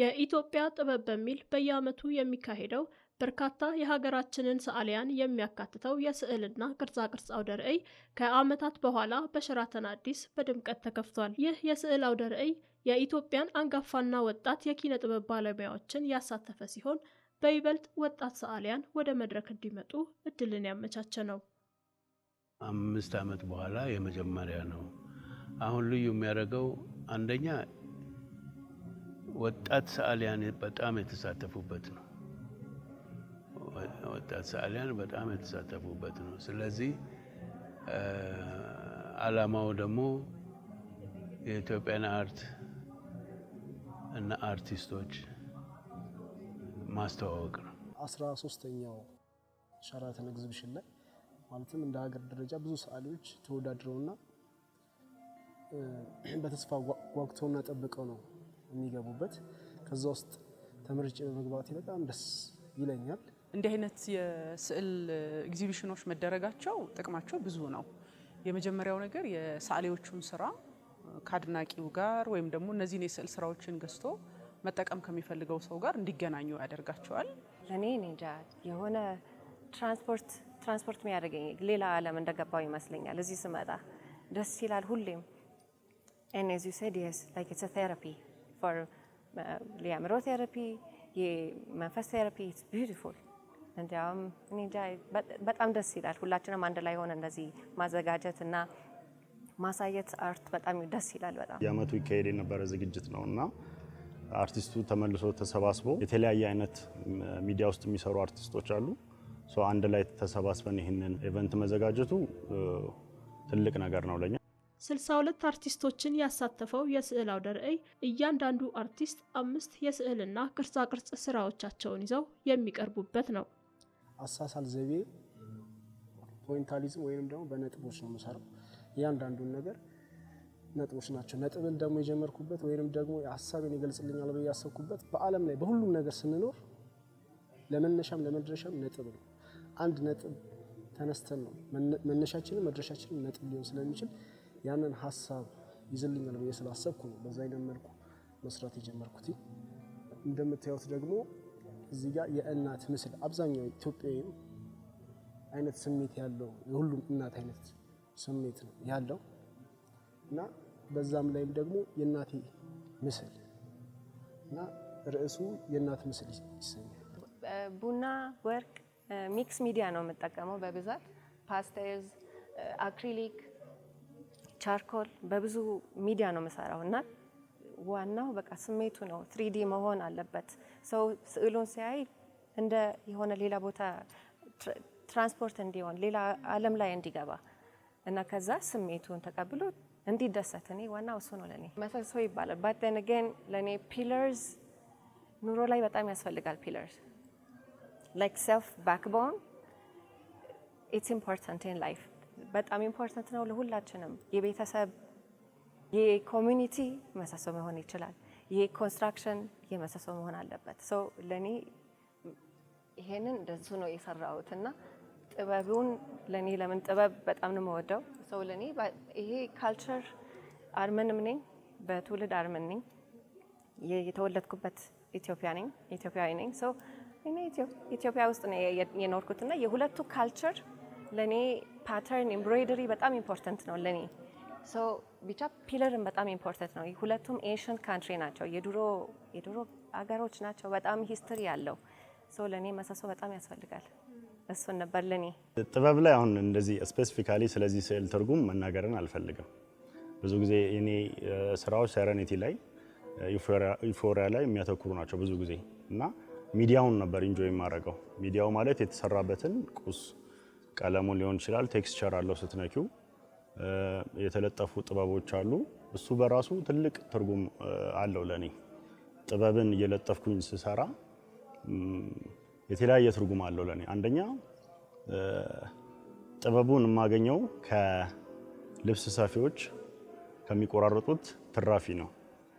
የኢትዮጵያ ጥበብ በሚል በየዓመቱ የሚካሄደው በርካታ የሀገራችንን ሰዓሊያን የሚያካትተው የስዕልና ቅርጻቅርጽ አውደ ርዕይ ከዓመታት በኋላ በሸራተን አዲስ በድምቀት ተከፍቷል። ይህ የስዕል አውደ ርዕይ የኢትዮጵያን አንጋፋና ወጣት የኪነ ጥበብ ባለሙያዎችን ያሳተፈ ሲሆን በይበልጥ ወጣት ሰዓሊያን ወደ መድረክ እንዲመጡ እድልን ያመቻቸ ነው። አምስት ዓመት በኋላ የመጀመሪያ ነው። አሁን ልዩ የሚያደርገው አንደኛ ወጣት ሰዓሊያን በጣም የተሳተፉበት ነው። ወጣት ሰዓሊያን በጣም የተሳተፉበት ነው። ስለዚህ ዓላማው ደግሞ የኢትዮጵያን አርት እና አርቲስቶች ማስተዋወቅ ነው። አስራ ሶስተኛው ሸራተን ኤግዚቢሽን ላይ ማለትም እንደ ሀገር ደረጃ ብዙ ሰዓሊዎች ተወዳድረውና በተስፋ ጓጉተውና ጠብቀው ነው የሚገቡበት ከዛ ውስጥ ተመርጬ በመግባቴ በጣም ደስ ይለኛል። እንዲህ አይነት የስዕል ኤግዚቢሽኖች መደረጋቸው ጥቅማቸው ብዙ ነው። የመጀመሪያው ነገር የሰዓሊዎቹን ስራ ከአድናቂው ጋር ወይም ደግሞ እነዚህን የስዕል ስራዎችን ገዝቶ መጠቀም ከሚፈልገው ሰው ጋር እንዲገናኙ ያደርጋቸዋል። እኔ እንጃ የሆነ ትራንስፖርት ትራንስፖርት የሚያደርገኝ ሌላ ዓለም እንደገባው ይመስለኛል። እዚህ ስመጣ ደስ ይላል ሁሌም ን ዩ ሴድ የስ ላይክ ኢትስ ቴራፒ for ሊያምሮ ቴራፒ፣ የመንፈስ ቴራፒ ኢትስ ቢዩቲፉል። እንዲያውም እንጃ በጣም ደስ ይላል። ሁላችንም አንድ ላይ ሆነ እንደዚህ ማዘጋጀት እና ማሳየት አርት በጣም ደስ ይላል። በጣም የአመቱ ይካሄድ የነበረ ዝግጅት ነው እና አርቲስቱ ተመልሶ ተሰባስቦ የተለያየ አይነት ሚዲያ ውስጥ የሚሰሩ አርቲስቶች አሉ። አንድ ላይ ተሰባስበን ይህንን ኢቨንት መዘጋጀቱ ትልቅ ነገር ነው ለኛ። ስልሳ ሁለት አርቲስቶችን ያሳተፈው የስዕል አውደ ርዕይ እያንዳንዱ አርቲስት አምስት የስዕልና ቅርጻቅርጽ ስራዎቻቸውን ይዘው የሚቀርቡበት ነው። አሳሳል ዘይቤ ፖይንታሊዝም ወይም ደግሞ በነጥቦች ነው የምሰራው። እያንዳንዱን ነገር ነጥቦች ናቸው። ነጥብን ደግሞ የጀመርኩበት ወይም ደግሞ ሀሳብን ይገልጽልኛል ብዬ ያሰብኩበት በዓለም ላይ በሁሉም ነገር ስንኖር ለመነሻም ለመድረሻም ነጥብ ነው። አንድ ነጥብ ተነስተን ነው መነሻችንም መድረሻችንም ነጥብ ሊሆን ስለሚችል ያንን ሀሳብ ይዝልኛል ብዬ ስላሰብኩ ነው በዛ አይነት መልኩ መስራት የጀመርኩት። እንደምታዩት ደግሞ እዚህ ጋር የእናት ምስል አብዛኛው ኢትዮጵያዊ አይነት ስሜት ያለው የሁሉም እናት አይነት ስሜት ነው ያለው እና በዛም ላይም ደግሞ የእናቴ ምስል እና ርዕሱ የእናት ምስል ይሰኛል። ቡና ወርቅ ሚክስ ሚዲያ ነው የምጠቀመው በብዛት ፓስተልስ አክሪሊክ ቻርኮል በብዙ ሚዲያ ነው የምሰራው እና ዋናው በቃ ስሜቱ ነው። ትሪዲ መሆን አለበት። ሰው ስዕሉን ሲያይ እንደ የሆነ ሌላ ቦታ ትራንስፖርት እንዲሆን ሌላ ዓለም ላይ እንዲገባ እና ከዛ ስሜቱን ተቀብሎ እንዲደሰት። እኔ ዋናው እሱ ነው ለእኔ። መሰሶ ይባላል ባደን ግን ለእኔ ፒለርስ ኑሮ ላይ በጣም ያስፈልጋል። ፒለርስ ላይክ ሰልፍ ባክቦን ኢትስ ኢምፖርታንት ኢን ላይፍ በጣም ኢምፖርታንት ነው ለሁላችንም። የቤተሰብ የኮሚኒቲ መሰሶ መሆን ይችላል። የኮንስትራክሽን የመሰሶ መሆን አለበት። ሰው ለእኔ ይሄንን እንደዚሁ ነው የሰራሁት እና ጥበቡን ለእኔ ለምን ጥበብ በጣም ነው የምወደው። ሰው ለእኔ ይሄ ካልቸር አርመንም ነኝ፣ በትውልድ አርመን ነኝ። የተወለድኩበት ኢትዮጵያ ነኝ፣ ኢትዮጵያዊ ነኝ። ሰው እኔ ኢትዮጵያ ውስጥ ነው እና የሁለቱ ካልቸር ለእኔ ፓተርን ኤምብሮይደሪ በጣም ኢምፖርተንት ነው ለኔ። ሶ ቢጫ ፒለርን በጣም ኢምፖርተንት ነው። ሁለቱም ኤሽን ካንትሪ ናቸው፣ የድሮ የድሮ አገሮች ናቸው። በጣም ሂስትሪ ያለው ሶ ለኔ መሰሶ በጣም ያስፈልጋል። እሱን ነበር ለኔ ጥበብ ላይ አሁን እንደዚህ ስፔሲፊካሊ ስለዚህ ስዕል ትርጉም መናገርን አልፈልግም። ብዙ ጊዜ እኔ ስራዎች ሰረኒቲ ላይ ዩፎሪያ ላይ የሚያተኩሩ ናቸው ብዙ ጊዜ እና ሚዲያውን ነበር ኢንጆይ የማደርገው። ሚዲያው ማለት የተሰራበትን ቁስ ቀለሙን ሊሆን ይችላል። ቴክስቸር አለው ስትነኪው የተለጠፉ ጥበቦች አሉ። እሱ በራሱ ትልቅ ትርጉም አለው ለኔ። ጥበብን እየለጠፍኩኝ ስሰራ የተለያየ ትርጉም አለው ለኔ። አንደኛ ጥበቡን የማገኘው ከልብስ ሰፊዎች ከሚቆራረጡት ትራፊ ነው።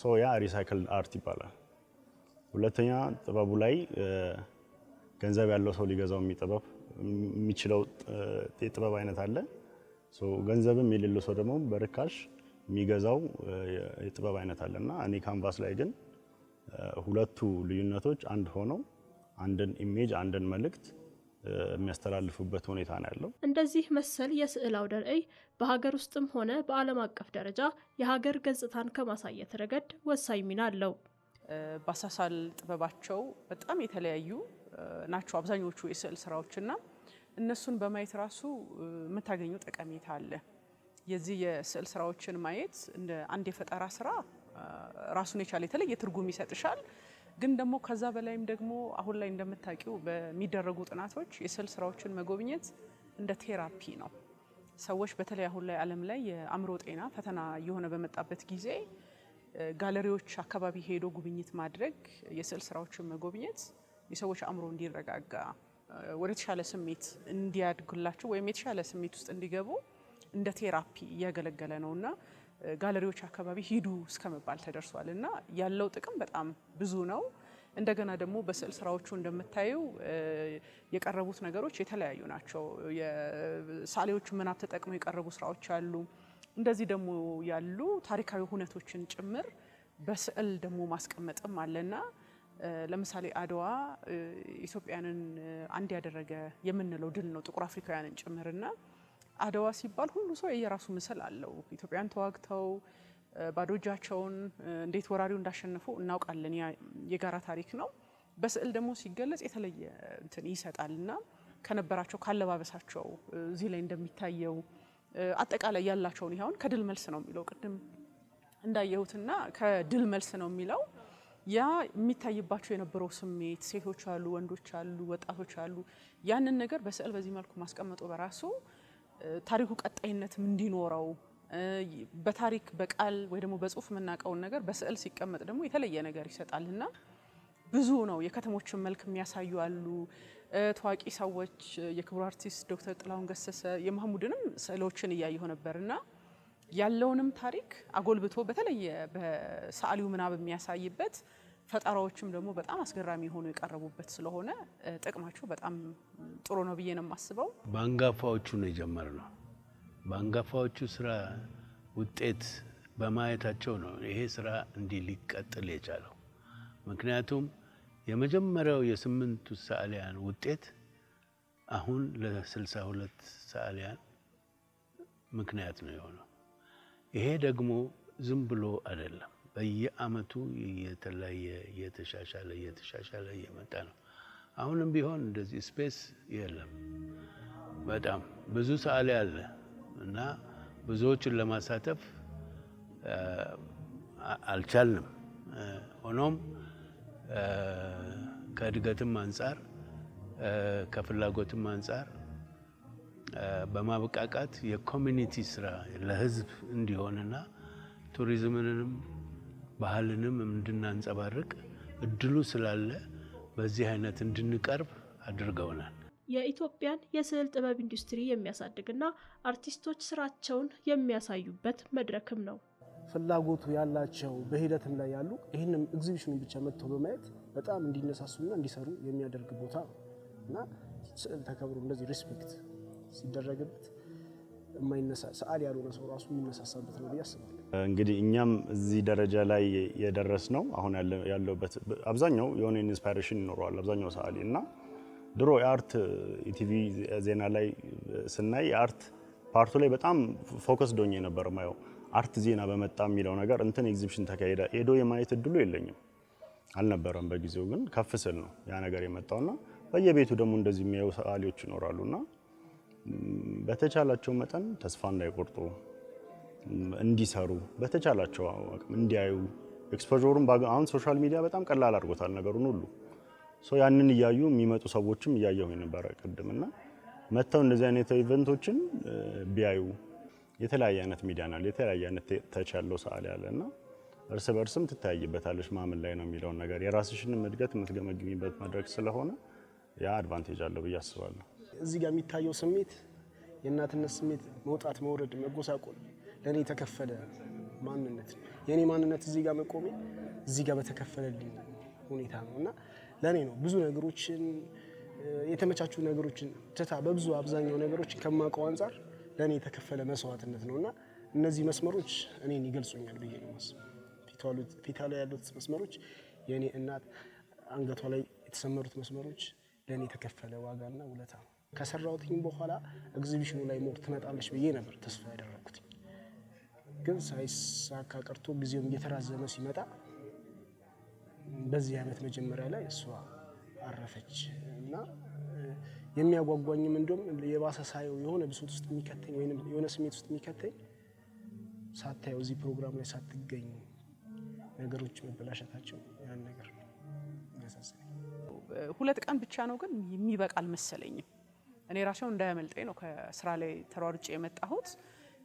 ሶ ያ ሪሳይክል አርት ይባላል። ሁለተኛ ጥበቡ ላይ ገንዘብ ያለው ሰው ሊገዛው የሚጥበብ የሚችለው የጥበብ አይነት አለ። ገንዘብም የሌለው ሰው ደግሞ በርካሽ የሚገዛው የጥበብ አይነት አለ እና እኔ ካንቫስ ላይ ግን ሁለቱ ልዩነቶች አንድ ሆነው አንድን ኢሜጅ አንድን መልእክት የሚያስተላልፉበት ሁኔታ ነው ያለው። እንደዚህ መሰል የስዕል አውደ ርዕይ በሀገር ውስጥም ሆነ በዓለም አቀፍ ደረጃ የሀገር ገጽታን ከማሳየት ረገድ ወሳኝ ሚና አለው። በአሳሳል ጥበባቸው በጣም የተለያዩ ናቸው አብዛኞቹ የስዕል ስራዎችና እነሱን በማየት ራሱ የምታገኘው ጠቀሜታ አለ። የዚህ የስዕል ስራዎችን ማየት እንደ አንድ የፈጠራ ስራ ራሱን የቻለ የተለየ ትርጉም ይሰጥሻል። ግን ደግሞ ከዛ በላይም ደግሞ አሁን ላይ እንደምታውቂው በሚደረጉ ጥናቶች የስዕል ስራዎችን መጎብኘት እንደ ቴራፒ ነው። ሰዎች በተለይ አሁን ላይ ዓለም ላይ የአእምሮ ጤና ፈተና እየሆነ በመጣበት ጊዜ ጋለሪዎች አካባቢ ሄዶ ጉብኝት ማድረግ፣ የስዕል ስራዎችን መጎብኘት የሰዎች አእምሮ እንዲረጋጋ ወደ ተሻለ ስሜት እንዲያድጉላቸው ወይም የተሻለ ስሜት ውስጥ እንዲገቡ እንደ ቴራፒ እያገለገለ ነው እና ጋለሪዎች አካባቢ ሂዱ እስከመባል ተደርሷል እና ያለው ጥቅም በጣም ብዙ ነው። እንደገና ደግሞ በስዕል ስራዎቹ እንደምታዩ የቀረቡት ነገሮች የተለያዩ ናቸው። የሳሌዎቹ ምናብ ተጠቅመው የቀረቡ ስራዎች አሉ። እንደዚህ ደግሞ ያሉ ታሪካዊ ሁነቶችን ጭምር በስዕል ደግሞ ማስቀመጥም አለና ለምሳሌ አድዋ ኢትዮጵያንን አንድ ያደረገ የምንለው ድል ነው፣ ጥቁር አፍሪካውያንን ጭምርና አድዋ ሲባል ሁሉ ሰው የየራሱ ምስል አለው። ኢትዮጵያን ተዋግተው ባዶ እጃቸውን እንዴት ወራሪው እንዳሸነፉ እናውቃለን። የጋራ ታሪክ ነው። በስዕል ደግሞ ሲገለጽ የተለየ እንትን ይሰጣል እና ከነበራቸው ካለባበሳቸው እዚህ ላይ እንደሚታየው አጠቃላይ ያላቸውን ይኸውን ከድል መልስ ነው የሚለው ቅድም እንዳየሁትና ከድል መልስ ነው የሚለው ያ የሚታይባቸው የነበረው ስሜት ሴቶች አሉ፣ ወንዶች አሉ፣ ወጣቶች አሉ። ያንን ነገር በስዕል በዚህ መልኩ ማስቀመጡ በራሱ ታሪኩ ቀጣይነትም እንዲኖረው በታሪክ በቃል ወይ ደግሞ በጽሁፍ የምናውቀውን ነገር በስዕል ሲቀመጥ ደግሞ የተለየ ነገር ይሰጣል እና ብዙ ነው። የከተሞችን መልክ የሚያሳዩ አሉ። ታዋቂ ሰዎች የክቡር አርቲስት ዶክተር ጥላሁን ገሰሰ የማህሙድንም ስዕሎችን እያየሁ ነበር እና ያለውንም ታሪክ አጎልብቶ በተለየ በሰዓሊው ምናብ የሚያሳይበት ፈጠራዎችም ደግሞ በጣም አስገራሚ የሆኑ የቀረቡበት ስለሆነ ጥቅማቸው በጣም ጥሩ ነው ብዬ ነው የማስበው። በአንጋፋዎቹ ነው የጀመርነው። በአንጋፋዎቹ ስራ ውጤት በማየታቸው ነው ይሄ ስራ እንዲህ ሊቀጥል የቻለው። ምክንያቱም የመጀመሪያው የስምንቱ ሰዓሊያን ውጤት አሁን ለስልሳ ሁለት ሰዓሊያን ምክንያት ነው የሆነው። ይሄ ደግሞ ዝም ብሎ አይደለም። በየአመቱ የተለያየ እየተሻሻለ እየተሻሻለ እየመጣ ነው። አሁንም ቢሆን እንደዚህ ስፔስ የለም። በጣም ብዙ ሰዓሊ አለ እና ብዙዎችን ለማሳተፍ አልቻልንም። ሆኖም ከእድገትም አንጻር ከፍላጎትም አንጻር በማብቃቃት የኮሚኒቲ ስራ ለህዝብ እንዲሆንና ቱሪዝምንም ባህልንም እንድናንጸባርቅ እድሉ ስላለ በዚህ አይነት እንድንቀርብ አድርገውናል። የኢትዮጵያን የስዕል ጥበብ ኢንዱስትሪ የሚያሳድግና አርቲስቶች ስራቸውን የሚያሳዩበት መድረክም ነው። ፍላጎቱ ያላቸው በሂደትም ላይ ያሉ ይህንም ኤግዚቢሽኑ ብቻ መጥቶ በማየት በጣም እንዲነሳሱና እንዲሰሩ የሚያደርግ ቦታ ነው እና ስዕል ተከብሮ እንደዚህ ሪስፔክት ሲደረግበት የማይነሳ ሰዓል ያልሆነ ሰው ራሱ የሚነሳሳበት ነው ብዬ አስባለሁ። እንግዲህ እኛም እዚህ ደረጃ ላይ የደረስ ነው አሁን ያለበት አብዛኛው የሆነ ኢንስፓይሬሽን ይኖረዋል አብዛኛው ሰዓሊ እና ድሮ የአርት ቲቪ ዜና ላይ ስናይ የአርት ፓርቱ ላይ በጣም ፎከስ ዶኝ ነበር ማየው አርት ዜና በመጣ የሚለው ነገር እንትን ኤግዚቢሽን ተካሄደ ሄዶ የማየት እድሉ የለኝም አልነበረም በጊዜው ግን ከፍ ስል ነው ያ ነገር የመጣውና በየቤቱ ደግሞ እንደዚህ የሚያዩ ሰዓሊዎች ይኖራሉና በተቻላቸው መጠን ተስፋ እንዳይቆርጡ እንዲሰሩ በተቻላቸው አቅም እንዲያዩ ኤክስፖሩን አሁን ሶሻል ሚዲያ በጣም ቀላል አድርጎታል ነገሩን ሁሉ ያንን እያዩ የሚመጡ ሰዎችም እያየሁ ነበረ ቅድም እና መጥተው እንደዚህ አይነት ኢቨንቶችን ቢያዩ የተለያየ አይነት ሚዲያ ናል የተለያየ አይነት ተች ያለው ሰዓል ያለ እና እርስ በእርስም ትታያይበታለች ማምን ላይ ነው የሚለውን ነገር የራስሽንም እድገት የምትገመግሚበት መድረክ ስለሆነ ያ አድቫንቴጅ አለው ብዬ አስባለሁ። እዚህ ጋር የሚታየው ስሜት የእናትነት ስሜት መውጣት፣ መውረድ፣ መጎሳቆል ለእኔ የተከፈለ ማንነት የእኔ ማንነት እዚህ ጋር መቆሜ እዚህ ጋር በተከፈለልኝ ሁኔታ ነው እና ለእኔ ነው ብዙ ነገሮችን የተመቻቹ ነገሮችን ትታ በብዙ አብዛኛው ነገሮች ከማውቀው አንጻር ለእኔ የተከፈለ መስዋዕትነት ነው እና እነዚህ መስመሮች እኔን ይገልጹኛል ብዬ ነው ፊቷ ላይ ያሉት መስመሮች የእኔ እናት፣ አንገቷ ላይ የተሰመሩት መስመሮች ለእኔ የተከፈለ ዋጋና ውለታ ነው። ከሰራሁትኝ በኋላ ኤግዚቢሽኑ ላይ ሞር ትመጣለች ብዬ ነበር ተስፋ ያደረኩት፣ ግን ሳይሳካ ቀርቶ ጊዜውም እየተራዘመ ሲመጣ በዚህ አመት መጀመሪያ ላይ እሷ አረፈች እና የሚያጓጓኝም እንዲሁም የባሰ ሳየው የሆነ ብሶት ውስጥ የሚከተኝ ወይም የሆነ ስሜት ውስጥ የሚከተኝ ሳታየው እዚህ ፕሮግራም ላይ ሳትገኝ ነገሮች መበላሸታቸው ያን ነገር ሁለት ቀን ብቻ ነው ግን የሚበቃ አልመሰለኝም። እኔ ራሴው እንዳያመልጠኝ ነው ከስራ ላይ ተሯርጬ የመጣሁት።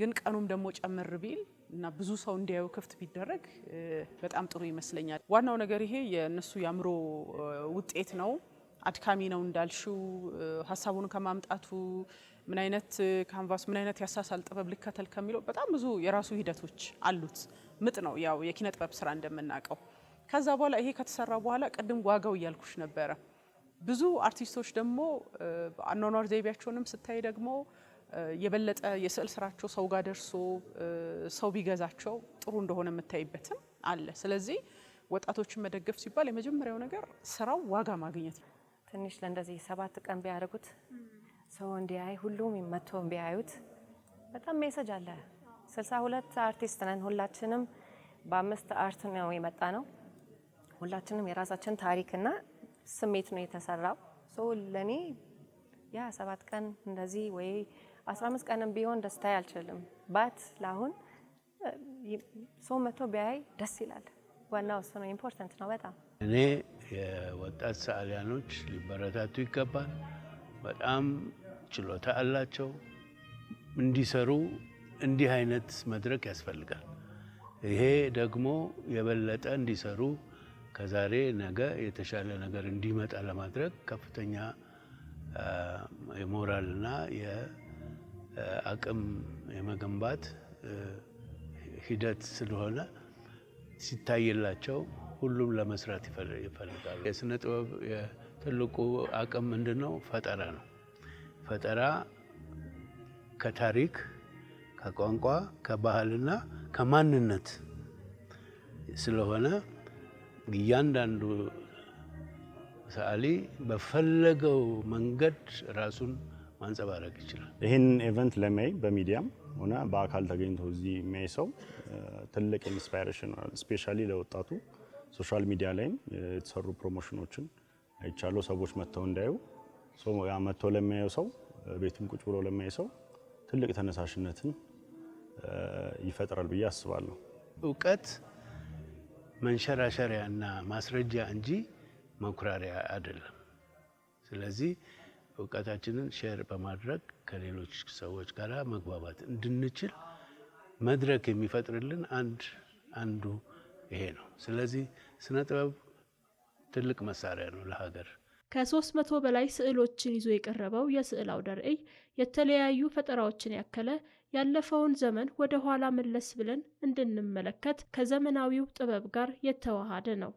ግን ቀኑም ደግሞ ጨምር ቢል እና ብዙ ሰው እንዲያዩ ክፍት ቢደረግ በጣም ጥሩ ይመስለኛል። ዋናው ነገር ይሄ የእነሱ የአእምሮ ውጤት ነው። አድካሚ ነው እንዳልሽው፣ ሀሳቡን ከማምጣቱ ምን አይነት ካንቫስ ምን አይነት ያሳሳል ጥበብ ልከተል ከሚለው በጣም ብዙ የራሱ ሂደቶች አሉት። ምጥ ነው ያው የኪነ ጥበብ ስራ እንደምናውቀው። ከዛ በኋላ ይሄ ከተሰራ በኋላ ቅድም ዋጋው እያልኩሽ ነበረ ብዙ አርቲስቶች ደግሞ አኗኗር ዘይቤያቸውንም ስታይ ደግሞ የበለጠ የስዕል ስራቸው ሰው ጋር ደርሶ ሰው ቢገዛቸው ጥሩ እንደሆነ የምታይበትም አለ። ስለዚህ ወጣቶችን መደገፍ ሲባል የመጀመሪያው ነገር ስራው ዋጋ ማግኘት ነው። ትንሽ ለእንደዚህ ሰባት ቀን ቢያደርጉት ሰው እንዲያይ ሁሉም መጥቶ ቢያዩት በጣም ሜሰጅ አለ። ስልሳ ሁለት አርቲስት ነን። ሁላችንም በአምስት አርት ነው የመጣ ነው። ሁላችንም የራሳችን ታሪክና ስሜት ነው የተሰራው። ለእኔ ያ ሰባት ቀን እንደዚህ ወይ አስራ አምስት ቀንም ቢሆን ደስታ አልችልም ባት ለአሁን ሰው መቶ ቢያይ ደስ ይላል። ዋናው እሱ ነው። ኢምፖርተንት ነው በጣም እኔ የወጣት ሰዓሊያኖች ሊበረታቱ ይገባል። በጣም ችሎታ አላቸው። እንዲሰሩ እንዲህ አይነት መድረክ ያስፈልጋል። ይሄ ደግሞ የበለጠ እንዲሰሩ ከዛሬ ነገ የተሻለ ነገር እንዲመጣ ለማድረግ ከፍተኛ የሞራልና የአቅም የመገንባት ሂደት ስለሆነ ሲታይላቸው ሁሉም ለመስራት ይፈልጋሉ። የስነ ጥበብ የትልቁ አቅም ምንድን ነው? ፈጠራ ነው። ፈጠራ ከታሪክ ከቋንቋ ከባህልና ከማንነት ስለሆነ እያንዳንዱ ሰዓሊ በፈለገው መንገድ ራሱን ማንጸባረቅ ይችላል። ይህን ኢቨንት ለማይ በሚዲያም ሆነ በአካል ተገኝቶ እዚህ የሚያይ ሰው ትልቅ ኢንስፓይሬሽን ሆናል። ስፔሻሊ ለወጣቱ ሶሻል ሚዲያ ላይም የተሰሩ ፕሮሞሽኖችን አይቻለሁ። ሰዎች መጥተው እንዳዩ መጥቶ ለሚያየው ሰው ቤትም ቁጭ ብሎ ለሚያይ ሰው ትልቅ ተነሳሽነትን ይፈጥራል ብዬ አስባለሁ። እውቀት መንሸራሸሪያና ማስረጃ እንጂ መኩራሪያ አይደለም። ስለዚህ እውቀታችንን ሼር በማድረግ ከሌሎች ሰዎች ጋር መግባባት እንድንችል መድረክ የሚፈጥርልን አንድ አንዱ ይሄ ነው። ስለዚህ ስነ ጥበብ ትልቅ መሳሪያ ነው ለሀገር። ከሶስት መቶ በላይ ስዕሎችን ይዞ የቀረበው የስዕል አውደ ርዕይ የተለያዩ ፈጠራዎችን ያከለ ያለፈውን ዘመን ወደ ኋላ መለስ ብለን እንድንመለከት ከዘመናዊው ጥበብ ጋር የተዋሃደ ነው።